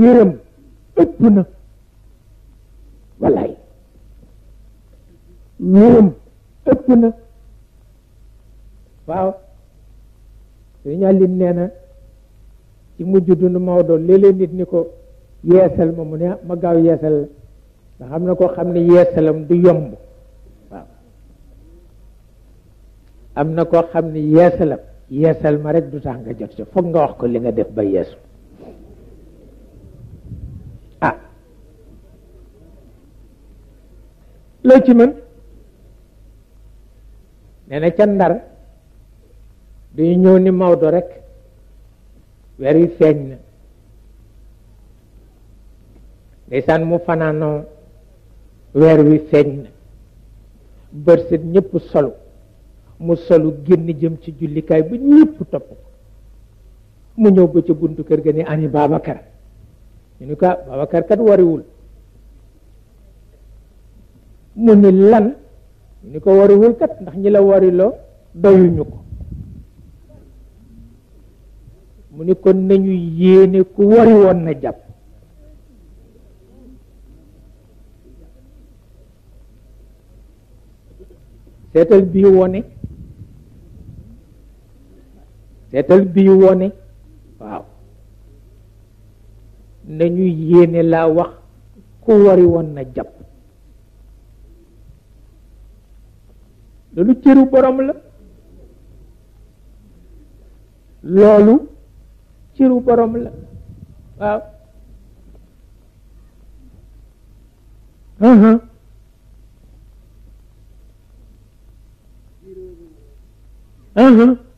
yërëm ëpp na wallaay yërëm ëpp na waaw suñu àllin nee na ci mujj dund Maodo léeg-léeg nit ni ko yeesal ma mu ne ah, ma gaaw yeesal la xam na koo xam ne yeesalam du yomb waaw am na koo xam ne yeesalam yeesal ma rek du tax nga jot si foog nga wax ko li nga def ba yeesu loo ci mën nee na ca ndar dañu ñëw ni Maodo rekk weer yi feeñ na ndeysaan mu fanaanoo weer wi feeñ na bërset ñëpp solu mu solu génn jëm ci jullikaay ba ñëpp topp ko mu ñëw ba ca buntu kër ga ni ani Babacar ñu ni ko ah, Babacar kat wariwul mu ni lan ni ko wariwul kat ndax ñi la wariloo doyuñu ko mu ni kon nañu yéene ku wari na jàpp seetal bii wone seetal bii wone waaw nañu yéene laa wax ku wariwoon na jàpp loolu cëru borom la loolu cëru borom la waaw Uh-huh. uh-huh.